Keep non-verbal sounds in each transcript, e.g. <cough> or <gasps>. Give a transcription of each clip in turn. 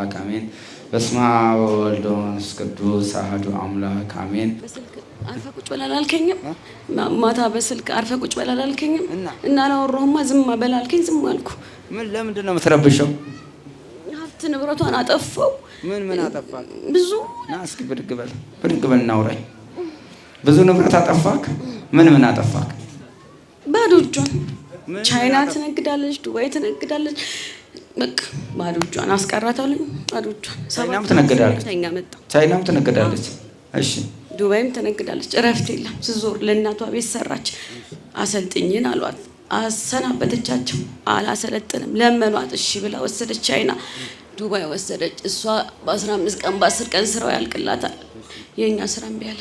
አምላክ አሜን። በስመ አብ ወወልድ ወመንፈስ ቅዱስ አሐዱ አምላክ አሜን። አርፈ ቁጭ በል አላልከኝም? ማታ በስልክ አርፈ ቁጭ በል አላልከኝም? እና አላወራሁማ ዝም በል አልከኝ፣ ዝም አልኩ። ምን ለምንድን ነው የምትረብሸው? ሀብት ንብረቷን አጠፋው። ምን ምን አጠፋል? ብዙ ና እስኪ ብድግ በል ብድግ በል እናውራኝ። ብዙ ንብረት አጠፋክ? ምን ምን አጠፋክ? ባዶ እጇን ቻይና ትነግዳለች፣ ዱባይ ትነግዳለች። በቃ ባዶ እጇን አስቀራታለሁ። ባዶ እጇን ቻይናም ትነግዳለች፣ ቻይናም ትነግዳለች፣ እሺ ዱባይም ትነግዳለች። እረፍት የለም። ስዞር ለእናቷ ቤት ሰራች። አሰልጥኝን አሏት፣ አሰናበተቻቸው። አላሰለጥንም ለመኗት፣ እሺ ብላ ወሰደች። ቻይና ዱባይ ወሰደች። እሷ በ15 ቀን በ10 ቀን ስራው ያልቅላታል። የእኛ ስራ እምቢ አለ።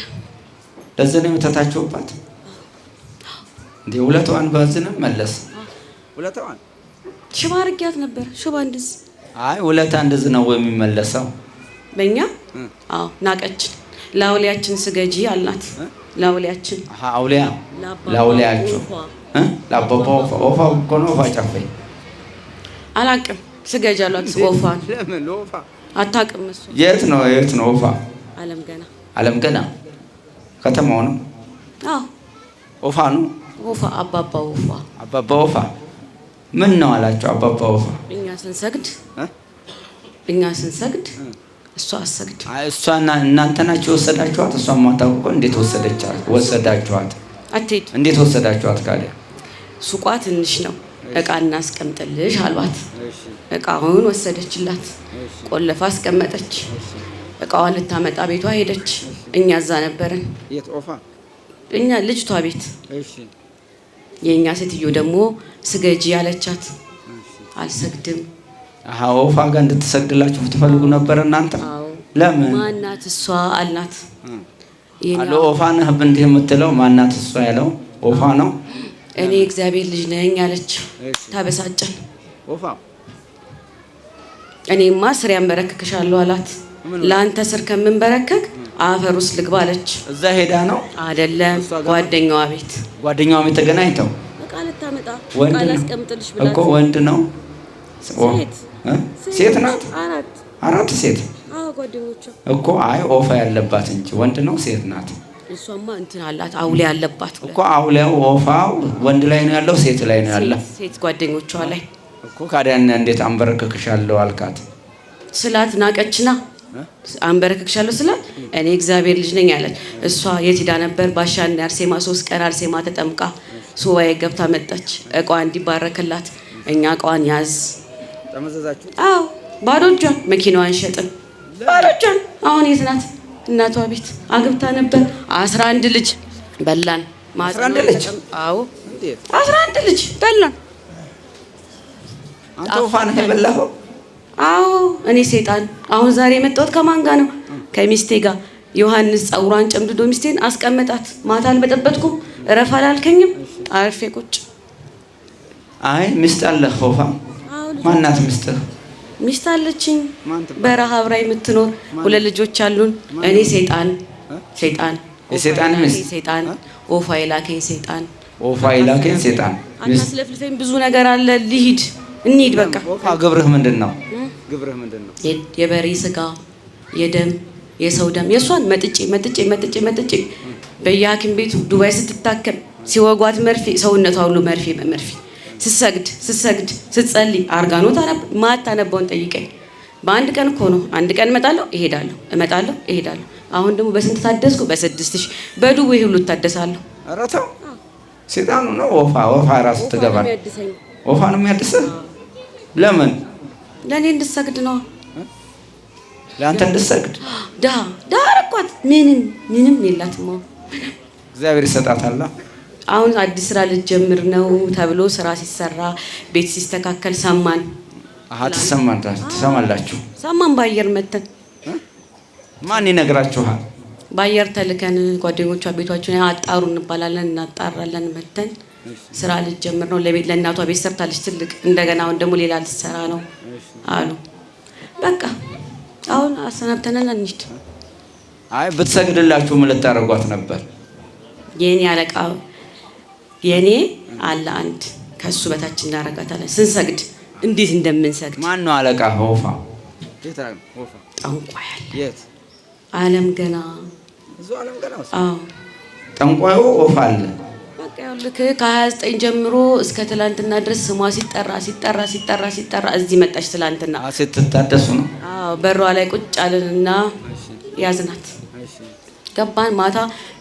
ለዚህ ነው የምትታቸውባት እንዴ? ሁለቷን ባዝንም መለስ ሁለቷን ሽባ አድርጊያት ነበር ሽባ እንደዚህ አይ ውለታ እንደዚህ ነው የሚመለሰው። በእኛ አዎ ናቀችን። ለአውሊያችን ስገጂ አልናት። ለአውሊያችን አውሊያ ለአውሊያችሁ ለአባባ ወፋ ወፋ እኮ ነው። ወፋ ጨፈኝ አላቅም ስገጂ አሏት። ወፋ አታቅም እሱ የት ነው የት ነው ወፋ? አለም ገና አለም ገና ከተማው ነው። አዎ ወፋ ነው። ወፋ አባባ ወፋ አባባ ወፋ ምን ነው አላቸው አባባው። እኛ ስንሰግድ እኛ ስንሰግድ እሷ አሰግድ እሷና እናንተ ናችሁ የወሰዳችኋት። እሷ ማታውቆ እንዴት ወሰዳችኋት? አትሄድ እንዴት ወሰዳችኋት? ካለ ሱቋ ትንሽ ነው እቃ እናስቀምጥልሽ አሏት። እቃውን ወሰደችላት፣ ቆለፋ አስቀመጠች። እቃዋ ልታመጣ ቤቷ ሄደች። እኛ እዛ ነበርን፣ እኛ ልጅቷ ቤት የእኛ ሴትዮ ደግሞ ስገጂ ያለቻት አልሰግድም። ወፋ ጋር እንድትሰግድላችሁ ብትፈልጉ ነበር እናንተ ለምን ማናት እሷ አልናት። ወፋ ነህ እንዲህ የምትለው ማናት እሷ ያለው ወፋ ነው። እኔ እግዚአብሔር ልጅ ነኝ አለች። ታበሳጨን። እኔማ ስር ያንበረክክሻለሁ አላት። ለአንተ ስር ከምንበረከክ አፈር ውስጥ ልግባ አለች። እዛ ሄዳ ነው አይደለም፣ ጓደኛዋ ቤት ጓደኛዋ ቤት ተገናኝተው እቃ ልታመጣ እቃ ላስቀምጥልሽ እኮ ወንድ ነው ሴት ናት፣ አራት አራት ሴት ጓደኞቿ እኮ አይ ኦፋ ያለባት እንጂ ወንድ ነው ሴት ናት። እሷማ እንትን አላት አውሌ ያለባት እኮ አውሌው ኦፋው ወንድ ላይ ነው ያለው፣ ሴት ላይ ነው ያለው፣ ሴት ጓደኞቿ ላይ እኮ። ካዲያን እንዴት አንበረክክሻለሁ አልካት ስላት ናቀችና አንበረክክሻለሁ ስላል እኔ እግዚአብሔር ልጅ ነኝ ያለች እሷ የት ሄዳ ነበር? ባሻና አርሴማ ሶስት ቀን አርሴማ ተጠምቃ ሱባኤ ገብታ መጣች። እቋ እንዲባረክላት እኛ እቋን ያዝ ጠመዘዛችሁ። ባዶ እጇን መኪናዋን ሸጥን፣ ባዶ እጇን አሁን የት ናት? እናቷ ቤት አግብታ ነበር። አስራ አንድ ልጅ በላን። አስራ አንድ ልጅ አዎ፣ አስራ አንድ ልጅ በላን። አንተ ውሃ ነው የበላኸው አዎ እኔ ሴጣን አሁን ዛሬ የመጣሁት ከማን ጋር ነው? ከሚስቴ ጋር። ዮሐንስ ጸጉሯን ጨምድዶ ሚስቴን አስቀመጣት። ማታ አልበጠበጥኩም፣ እረፍ አላልከኝም። አርፌ ቁጭ አይ ሚስት አለ ሆፋ ማናት ሚስትህ? ሚስት አለችኝ፣ በረሃ አብራ የምትኖር ሁለት ልጆች አሉን። እኔ ሴጣን ሴጣን የሴጣን ሚስት ሴጣን ኦፋ የላከኝ ሴጣን ኦፋ የላከኝ ሴጣን። አታስለፍልፈኝ፣ ብዙ ነገር አለ። ልሂድ፣ እንሂድ። በቃ ኦፋ ግብርህ ምንድን ነው? ግብርህ ምንድን ነው? የበሬ ስጋ፣ የደም የሰው ደም የእሷን መጥጬ መጥጬ መጥጬ መጥጬ በየሐኪም ቤቱ ዱባይ ስትታከም ሲወጓት መርፌ ሰውነቷ ሁሉ መርፌ በመርፌ ስሰግድ ስሰግድ ስጸልይ አርጋኖ ማታነባውን ጠይቀኝ። በአንድ ቀን እኮ ነው። አንድ ቀን እመጣለሁ እሄዳለሁ፣ እመጣለሁ እሄዳለሁ። አሁን ደግሞ በስንት ታደስኩ? በስድስት ሺህ በዱቤ ሁሉ እታደሳለሁ። ኧረ ተው ሴጣኑ ነው። ወፋ ወፋ ራሱ ትገባ ወፋ ነው የሚያድስህ ለምን ለእኔ እንድሰግድ ነው። ለአንተ እንድሰግድ <gasps> ዳ ዳ አረኳት። ምንም ምንም የላትም። እግዚአብሔር ይሰጣታል። አሁን አዲስ ስራ ልትጀምር ነው ተብሎ ስራ ሲሰራ ቤት ሲስተካከል ሰማን። ትሰማን ትሰማላችሁ። ሰማን በአየር መተን ማን ይነግራችኋል? በአየር ተልከን ጓደኞቿ ቤቷችን አጣሩ እንባላለን እናጣራለን መተን ስራ ልጀምር ነው። ለቤት ለእናቷ ቤት ሰርታለች ትልቅ። እንደገና አሁን ደግሞ ሌላ ልትሰራ ነው አሉ። በቃ አሁን አሰናብተናል እንሂድ። አይ ብትሰግድላችሁ ምን ልታደርጓት ነበር? የኔ አለቃ የኔ አለ አንድ ከሱ በታች እናደርጋታለን። ስንሰግድ እንዴት እንደምንሰግድ ማን ነው አለቃ? ሆፋ ጠንቋ ያለ አለም ገና ጠንቋዩ ሆፋ አለ ልክ ከ29 ጀምሮ እስከ ትላንትና ድረስ ስሟ ሲጠራ ሲጠራ ሲጠራ ሲጠራ እዚህ መጣች። ትላንትና ስትታደሱ ነው በሯ ላይ ቁጭ አልንና ያዝናት ገባን። ማታ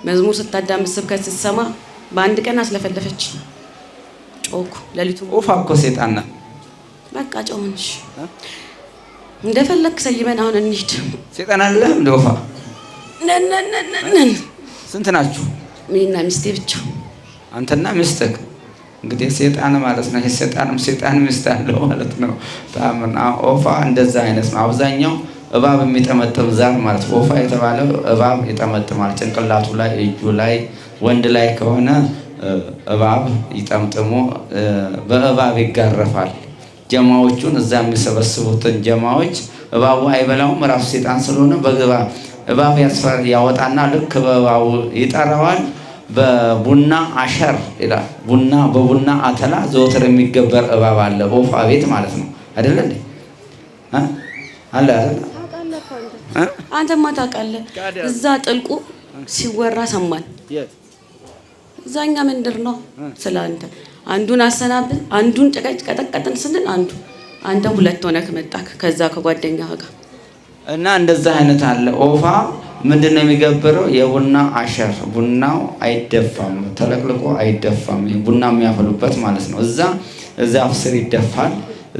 መዝሙር ስታዳምጥ ስብከት ስትሰማ በአንድ ቀን አስለፈለፈች። ጮኩ። ሌሊቱ ኦፋ እኮ ሴጣን በቃ ጮሆንሽ እንደፈለግ ሰይመን አሁን እንሂድ። ሴጣን አለ እንደ ኦፋ ነን ስንት ናችሁ? እኔና ሚስቴ ብቻ አንተና ሚስትህ እንግዲህ ሴጣን ማለት ነው። ሴጣንም ሴጣን ሚስት አለው ማለት ነው። ታምና ኦፋ እንደዛ አይነት ነው። አብዛኛው እባብ የሚጠመጥም ዛር ማለት ኦፋ የተባለ እባብ ይጠመጥማል። ጭንቅላቱ ላይ፣ እጁ ላይ፣ ወንድ ላይ ከሆነ እባብ ይጠምጥሞ በእባብ ይጋረፋል። ጀማዎቹን እዛ የሚሰበስቡትን ጀማዎች እባቡ አይበላውም። ራሱ ሴጣን ስለሆነ በግባ እባብ ያወጣና ልክ በእባቡ ይጠራዋል። በቡና አሸር ይላል። ቡና በቡና አተላ ዘወትር የሚገበር እባብ አለ በወፍ ቤት ማለት ነው አይደለ እንዴ? አለ አይደለ? አንተማ ታውቃለህ። እዛ ጥልቁ ሲወራ ሰማን። እዛኛ ምንድር ነው ስለ አንተ አንዱን አሰናብን አንዱን ጭቀጭ ቀጠቀጥን ስንል አንዱ አንተ ሁለት ሆነህ መጣክ ከዛ ከጓደኛ ጋር እና እንደዛ አይነት አለ ኦፋ ምንድን ነው የሚገብረው? የቡና አሸር ቡናው አይደፋም፣ ተለቅልቆ አይደፋም። ቡና የሚያፈሉበት ማለት ነው። እዛ ዛፍ ስር ይደፋል።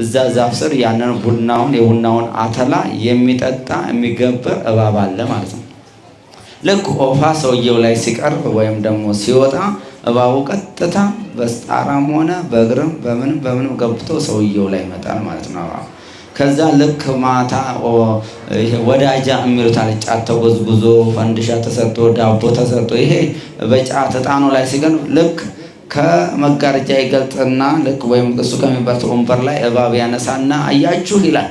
እዛ ዛፍ ስር ያንን ቡናውን የቡናውን አተላ የሚጠጣ የሚገብር እባብ አለ ማለት ነው። ልክ ኦፋ ሰውየው ላይ ሲቀርብ ወይም ደግሞ ሲወጣ እባቡ ቀጥታ በስጣራም ሆነ በእግርም በምንም በምንም ገብቶ ሰውየው ላይ ይመጣል ማለት ነው። ከዛ ልክ ማታ ወዳጃ የሚሉታል ጫት ተጎዝጉዞ ፈንድሻ ተሰርቶ ዳቦ ተሰርቶ ይሄ በጫት እጣኑ ላይ ሲገን ልክ ከመጋረጃ ይገልጥና ልክ ወይም እሱ ከሚበርት ወንበር ላይ እባብ ያነሳና አያችሁ ይላል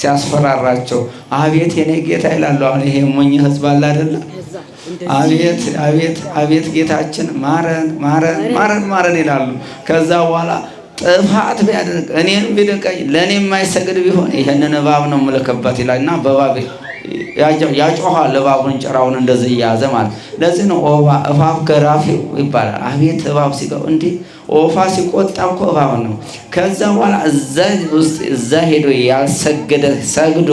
ሲያስፈራራቸው፣ አቤት የኔ ጌታ ይላሉ። አሁን ይሄ ሞኝ ህዝብ አለ አይደለም? አቤት አቤት አቤት ጌታችን ማረን ማረን ማረን ማረን ይላሉ። ከዛ በኋላ ጥፋት ቢያደንቅ እኔን ቢደንቀኝ ለእኔ የማይሰግድ ቢሆን ይህንን እባብ ነው የምልክበት ይላል እና በባብ ያጮኋል። እባቡን ጭራውን እንደዚህ እያያዘ ማለት ለዚህ ነው እባብ ገራፊው ይባላል። አቤት እባብ ሲገው እንዲህ ኦፋ ሲቆጣ እኮ እባብ ነው። ከዛ በኋላ እዛ ውስጥ እዛ ሄዶ ያልሰገደ ሰግዶ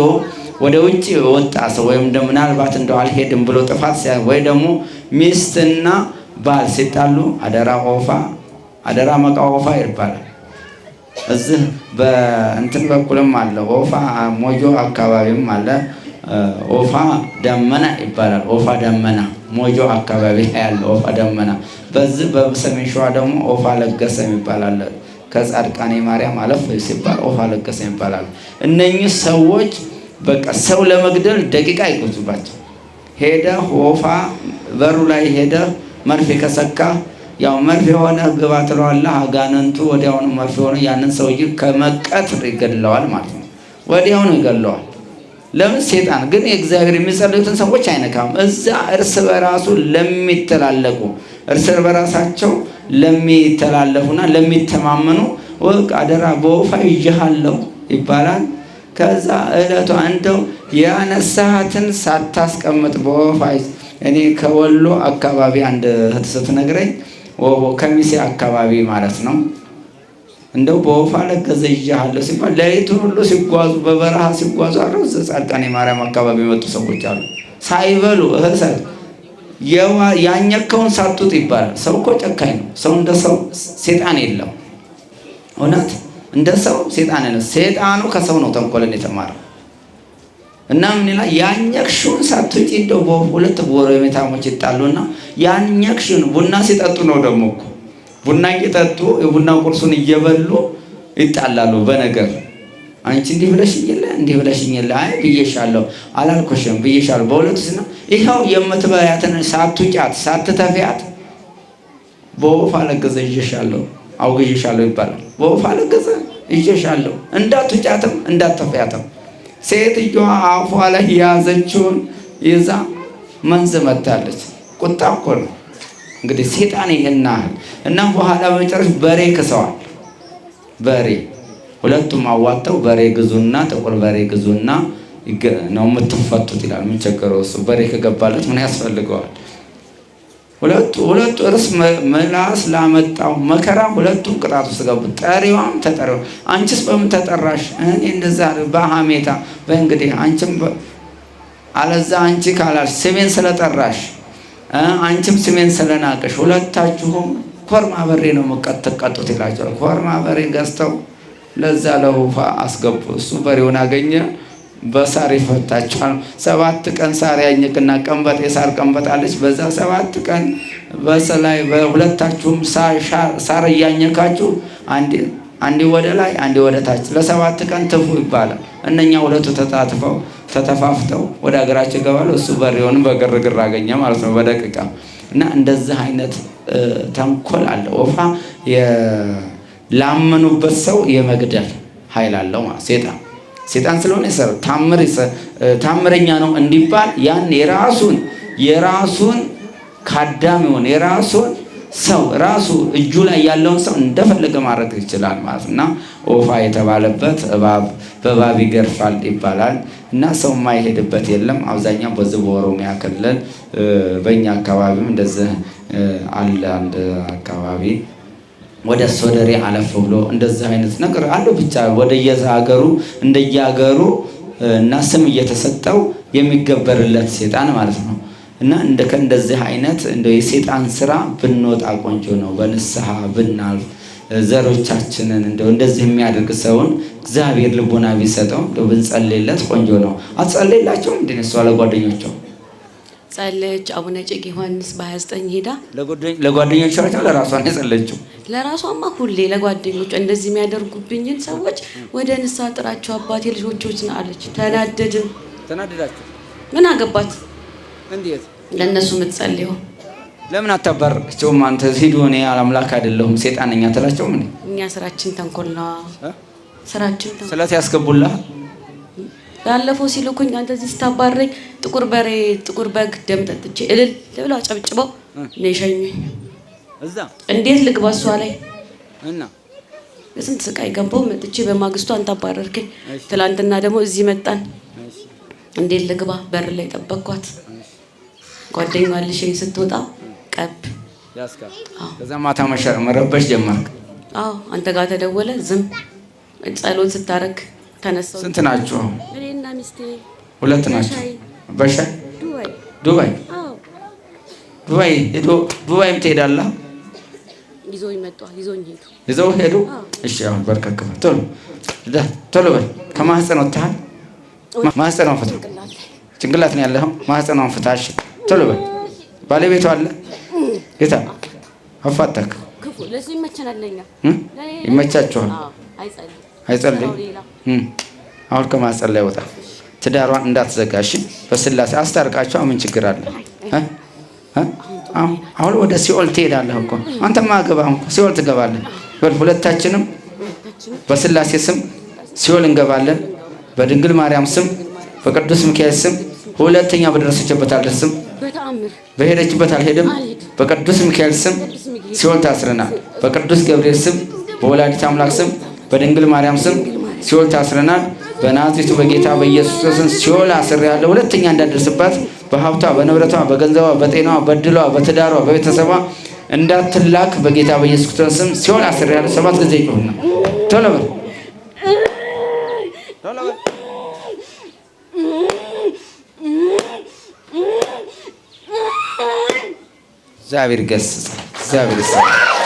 ወደ ውጭ ወጣ ሰው ወይም ምናልባት እንደ አልሄድም ብሎ ጥፋት ሲያ ወይ ደግሞ ሚስትና ባል ሲጣሉ አደራ ኦፋ አደራ መቃ ኦፋ ይባላል። እዚህ በእንትን በኩልም አለ ኦፋ ሞጆ አካባቢም አለ። ኦፋ ደመና ይባላል። ኦፋ ደመና ሞጆ አካባቢ ያለ ኦፋ ደመና። በዚህ በሰሜን ሸዋ ደግሞ ኦፋ ለገሰ ይባላል። ከጻድቃኔ ማርያም አለፍ ሲባል ኦፋ ለገሰ ይባላል። እነኚህ ሰዎች በቃ ሰው ለመግደል ደቂቃ አይቆይባቸው። ሄደ ኦፋ በሩ ላይ ሄደ መርፌ ከሰካ ያው መርፌ የሆነ ግባ ትለዋለህ። አጋንንቱ ወዲያውኑ መርፌ የሆነ ያንን ሰውዬ ከመቀጥር ይገለዋል ማለት ነው። ወዲያውኑ ይገለዋል። ለምን? ሴጣን ግን የእግዚአብሔር የሚጸልዩትን ሰዎች አይነካም። እዛ እርስ በራሱ ለሚተላለቁ እርስ በራሳቸው ለሚተላለፉና ለሚተማመኑ ወቅ አደራ በወፋ ይዤሃለሁ ይባላል። ከዛ እለቷ እንደው ያነሳሃትን ሳታስቀምጥ በወፋ እኔ ከወሎ አካባቢ አንድ እህት ስትነግረኝ ከሚሴ አካባቢ ማለት ነው። እንደው በወፋ ለገዘ ይዣሃለሁ ሲባል ሌሊቱን ሁሉ ሲጓዙ በበረሃ ሲጓዙ አረዘ ጻድቃኔ ማርያም አካባቢ የመጡ ሰዎች አሉ። ሳይበሉ እህሰት ያኘከውን ሳጡት ይባላል። ሰው እኮ ጨካኝ ነው። ሰው እንደ ሰው ሴጣን የለው። እውነት እንደ ሰው ሴጣን ሴጣኑ ከሰው ነው ተንኮልን የተማረው እና ምን ይላል? ያኘክሽውን ሳትጪ እንደው ሁለት ጎረቤታሞች ይጣሉና ያኘክሽውን ቡና ሲጠጡ ነው ደግሞ እኮ ቡና እየጠጡ የቡና ቁርሱን እየበሉ ይጣላሉ። በነገር አንቺ እንዲህ ብለሽኝ የለ እንዲህ ብለሽኝ የለ አይ ብዬሻለሁ፣ አላልኩሽም ብዬሻለሁ። በሁለቱ ስና ይኸው የምትበያትን ሳትውጫት ሳትተፊያት በወፍ አለገዘ ይዤሻለሁ፣ አውግዤሻለሁ ይባላል። በወፍ አለገዘ ይዤሻለሁ፣ እንዳትውጫትም እንዳትተፊያትም ሴትዮዋ አፏ ላይ የያዘችውን ይዛ መንዝ መታለች። ቁጣ እኮ ነው እንግዲህ ሴጣን ይሄን እና በኋላ በመጨረሻ በሬ ክሰዋል። በሬ ሁለቱም አዋጥተው በሬ ግዙና ጥቁር በሬ ግዙና ነው የምትፈቱት ይላል። ምን እሱ በሬ ከገባለት ምን ያስፈልገዋል? ሁለቱ እርስ ምላስ ላመጣው መከራ ሁለቱም ቅጣት ውስጥ ገቡ። ጠሪዋም ተጠሪዋ አንቺስ በምን ተጠራሽ? እኔ እንደዛ በሐሜታ በእንግዲህ አንቺም አለዛ አንቺ ካላልሽ ስሜን ስለጠራሽ አንቺም ስሜን ስለናቀሽ ሁለታችሁም ኮርማ በሬ ነው ትቀጡት ይላቸዋል። ኮርማ በሬ ገዝተው ለዛ ለውፋ አስገቡ። እሱ በሬውን አገኘ። በሳር ይፈታችኋል። ሰባት ቀን ሳር ያኝክና ቀንበጥ የሳር ቀንበጥ አለች። በዛ ሰባት ቀን በሰላይ በሁለታችሁም ሳር እያኘካችሁ አንዴ ወደ ላይ አንዴ ወደ ታች ለሰባት ቀን ትፉ ይባላል። እነኛ ሁለቱ ተጣጥፈው ተተፋፍተው ወደ ሀገራቸው ይገባሉ። እሱ በሬውን በግርግር አገኘ ማለት ነው በደቂቃ እና እንደዚህ አይነት ተንኮል አለ። ወፋ ላመኑበት ሰው የመግደል ኃይል አለው ማለት ሴጣን ሴጣን ስለሆነ ይሰር ታምረኛ ነው እንዲባል ያን የራሱን የራሱን ካዳም የሆነ የራሱን ሰው ራሱ እጁ ላይ ያለውን ሰው እንደፈለገ ማድረግ ይችላል ማለት እና ኦፋ የተባለበት እባብ በባብ ይገርፋል ይባላል እና ሰው የማይሄድበት የለም። አብዛኛው በዚህ በኦሮሚያ ክልል በእኛ አካባቢም እንደዚህ አለ አንድ አካባቢ ወደ ሶደሪ አለፍ ብሎ እንደዚህ አይነት ነገር አለው። ብቻ ወደየዛ ሀገሩ እንደየሀገሩ እና ስም እየተሰጠው የሚገበርለት ሴጣን ማለት ነው። እና እንደከ እንደዚህ አይነት እንደ የሴጣን ስራ ብንወጣ ቆንጆ ነው። በንስሐ ብናልፍ ዘሮቻችንን እንደው እንደዚህ የሚያደርግ ሰውን እግዚአብሔር ልቦና ቢሰጠው እንደው ብንጸልይለት ቆንጆ ነው። አትጸልይላቸውም እንዴ? እሷ ለጓደኞቸው ጸለች። አቡነ ጭቅ ዮሐንስ በ29 ሄዳ ለጓደኞቿ ለራሷን ነው የጸለችው። ለራሷማ ሁሌ ለጓደኞቿ እንደዚህ የሚያደርጉብኝን ሰዎች ወደ ንሳ ጥራቸው አባቴ ልጆችን አለች። ተናደድን። ተናደዳችሁ? ምን አገባት? እንዴት ለእነሱ የምትጸልየው ለምን አታባርቃቸውም? አንተ ሂዱ፣ እኔ አምላክ አይደለሁም ሴጣን ነኝ አትላቸውም? እንዴ እኛ ስራችን ተንኮል ነው ስራችን ተንኮል። ስለት ያስገቡልሃል። ባለፈው ሲልኩኝ አንተ እዚህ ስታባረኝ ጥቁር በሬ ጥቁር በግ ደም ጠጥቼ እልል ብለው አጨብጭበው ነው የሸኙኝ። እንዴት ልግባ እሷ ላይ እና ስንት ስቃይ ገባው መጥቼ በማግስቱ አንተ አባረርከኝ። ትላንትና ደግሞ እዚህ መጣን። እንዴት ልግባ በር ላይ ጠበቅኳት። ጓደኛ ልሽኝ ስትወጣ ቀብ ከዛ ማታ መረበሽ ጀመርክ። አዎ አንተ ጋር ተደወለ። ዝም ጸሎት ስታረግ ተነሳው። ስንት ናችሁ? እኔና ሚስቴ ሁለት ናቸው። በሻይ ዱባይ ዱባይ ዱባይ ሄዶ ዱባይም ትሄዳለህ ይዞ ይመጣል። ይዞኝ ሄዱ። ይዘው ሄዱ። እሺ አሁን በርከክ በል ቶሎ ዳ ቶሎ በል። ከማህፀን ወጣህ። ማህፀን ፍታ። ጭንቅላት ነው ያለኸው። ማህፀን ፍታ። እሺ ቶሎ በል። ባለቤቱ አለ ጌታ አፋታክ። ለሱ ይመቸናል። ለኛ ይመቻችኋል። አይጸልይ። አሁን ከማህፀን ላይ ወጣ። ትዳሯን እንዳትዘጋሽ በስላሴ አስታርቃቸው። ምን ችግር አለ? አሁን ወደ ሲኦል ትሄዳለህ እኮ አንተማ አገባህ እኮ ሲኦል ትገባለህ። ሁለታችንም በስላሴ ስም ሲኦል እንገባለን። በድንግል ማርያም ስም፣ በቅዱስ ሚካኤል ስም፣ ሁለተኛ በደረሰችበት አልደርስም፣ በሄደችበት አልሄድም። በቅዱስ ሚካኤል ስም ሲኦል ታስረናል። በቅዱስ ገብርኤል ስም፣ በወላዲት አምላክ ስም፣ በድንግል ማርያም ስም ሲኦል ታስረናል። በናዝሬቱ በጌታ በኢየሱስ ክርስቶስ ሲኦል ያለው ሁለተኛ እንዳደርስባት በሀብቷ፣ በንብረቷ፣ በገንዘቧ፣ በጤናዋ፣ በድሏ፣ በትዳሯ፣ በቤተሰቧ እንዳትላክ በጌታ በኢየሱስ ክርስቶስ ስም ሲሆን አስር ያለ ሰባት ጊዜ ይጮህና ቶሎ በል ቶሎ በል እግዚአብሔር ገስጽ እግዚአብሔር